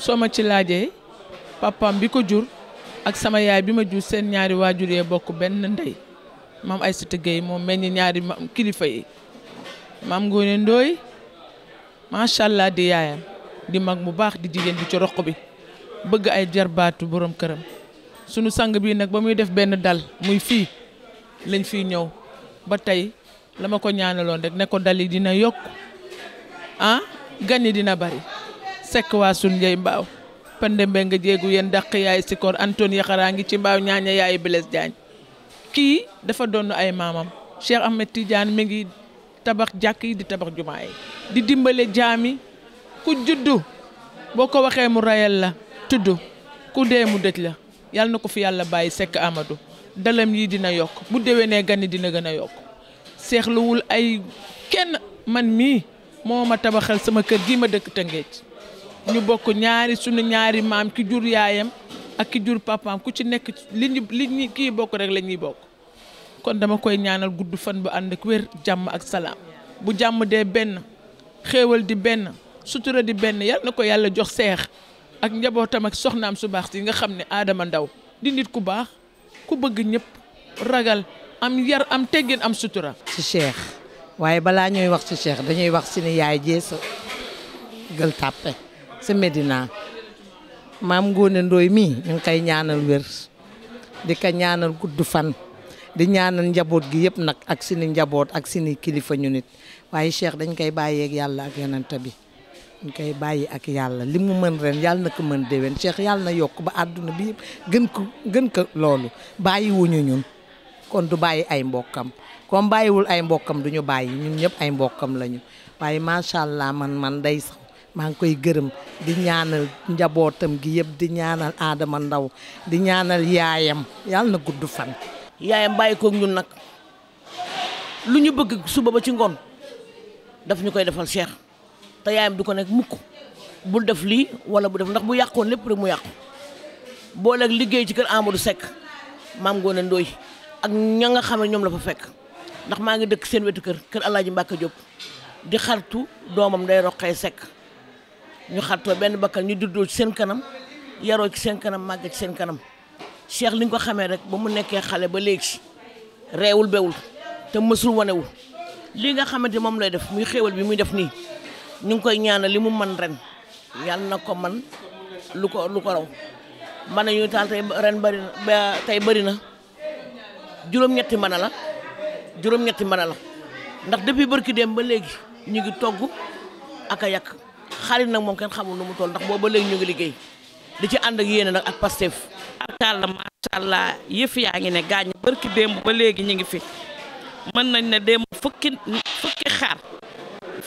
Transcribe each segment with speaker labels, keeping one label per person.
Speaker 1: soo ma ci laajee papaam bi ko jur ak sama yaay bi ma jur seen ñaari waajur yee bokk benn ndey maam Aysata Gueye moom meññ ñaari kilifa yi maam Ngoné Ndoye macha allah di yaayam di mag bu baax di jigéen di ci roq bi bëgg ay jarbaatu borom këram sunu sang bii nag ba muy def benn dal muy fii lañ fii ñëw ba tey la ma ko ñaanaloon rek ne ko dal yi dina yokk ah gan yi dina bari sekk waasul sun mbaaw pandembe nga jéegu yéen dàq yaay sikoor Antoine yaxaraa ngi ci mbaaw ñaaña yaay Blaise Diagne kii dafa donn ay maamam Cheikh Ahmed Tidiane mi ngi tabax jàkk yi di tabax jumaay di dimbale jaami ku juddu boo ko waxee mu rayal la tudd ku dee mu dëj la yàlla na ko fi yàlla bàyyi sekk Amadou dalam yi dina yokk mu bu ne gani dina gën a yokk seexluwul ay kenn man mii mooma tabaxal sama kër gi ma dëkk Tëngéej ñu bokk ñaari sunu ñaari maam ki jur yaayam ak ki jur papaam ku ci nekk li ñu li ñu kii bokk rek lañuy bokk kon dama koy ñaanal gudd fan bu ànd ak jàmm ak salaam bu jàmm dee benn xéewal di benn sutura di benn yal na ko yàlla jox seex ak njabootam ak soxnaam su baax si nga xam ne aadama ndaw di nit ku baax ku bëgg ñépp ragal am yar am teggin am sutura.
Speaker 2: si cheikh waaye balaa ñuy wax si cheikh dañuy wax si yaay jeesa gël tàppe si Medina maam Ngoone Ndooy mi ñu ngi koy ñaanal wer di ko ñaanal guddu fan di ñaanal njaboot gi yëpp nag ak sini njaboot ak sini kilifa ñu nit waaye Cheikh dañ koy bàyyeeg yàlla ak yonent bi ñu koy bàyyi ak yàlla li mu mën ren yàll na ko mën déwén Cheikh yàlla na yokk ba àdduna bi yëpp gën ko gën ko loolu bàyyi wuñu ñun kon du bàyyi ay mbokkam comme bàyyiwul ay mbokkam du ñu bàyyi ñun ñëpp ay mbokkam lañu waaye macha allah man man day maa ngi koy gërëm di ñaanal njabootam gi yëpp di ñaanal Adama Ndaw di ñaanal yaayam yàlla na gudd fan.
Speaker 3: yaayam bàyyi koog ñun nag lu ñu bëgg suba ba ci ngoon daf ñu koy defal Cheikh te yaayam du ko nekk mukk bul def lii wala bu def ndax bu yàqoon lépp rek mu yàqu booleeg liggéey ci kër Amadou sekk maam Ngoone Ndooy ak ña nga xam ne ñoom la fa fekk ndax maa ngi dëkk seen wetu kër kër Alaaji Mbàkke Jóob di xartu doomam day roqee sekk ñu xartoo benn bakkan ñu duddul seen kanam yaroo ci seen kanam màgg seen kanam Cheikh li ñu ko xamee rek ba mu nekkee xale ba léegi reewul bewul te mësul wanewul li nga xamante moom lay def muy xéewal bi muy def nii ñu ngi koy ñaanal li mu man ren yàlla na ko man lu ko lu ko raw man na ñu taal tey ren bëri na tey bëri na juróom-ñetti mën la juróom-ñetti mën la ndax depuis bërki dem ba léegi ñu ngi togg ak a yàq xarit nag moom kenn xamul nu mu toll ndax booba léegi ñu ngi liggéey di ci ànd ak yéene nag ak Pastef ak kàlla macha allah
Speaker 4: yëf yaa ngi ne gaañ barki démb ba léegi ñu ngi fi mën nañ ne démb fukki fukki xar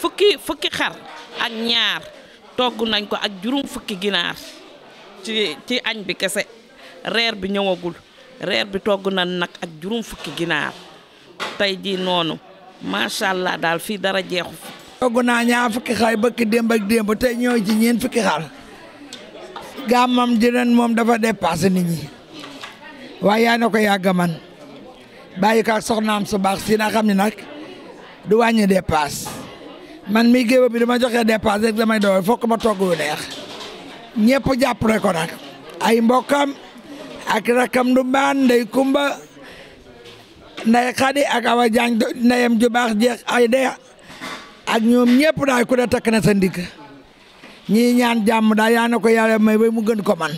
Speaker 4: fukki fukki xar ak ñaar togg nañ ko ak juróom fukki ginaar ci añ bi kese reer bi ñëwagul reer bi togg nañ nag ak juróom fukki ginaar tey jii noonu macha allah daal fii dara jeexu
Speaker 5: togg naa ñaar fukki xay bëkki dem ak démb tey ñoo ci ñeen fukki xar gàmmam ji mom moom dafa dépassé nit ñi waaye ya na ko ya man bàyyi ko ak soxnaam su baax si na xam ne du wàññi dépasse man mi géew bi dama joxe dépasse rek damay doy fokk ma togg wu neex ñëpp jàppale ko nag ay mbokkam ak rakam du baan kumba ndey xadi ak awa jaañ ndeyam ju baax jeex ay deya ak ñoom ñëpp daay ku ne takk na sa ndigg ñii ñaan jàmm daal yaa na ko yàlla may ba mu gën ko man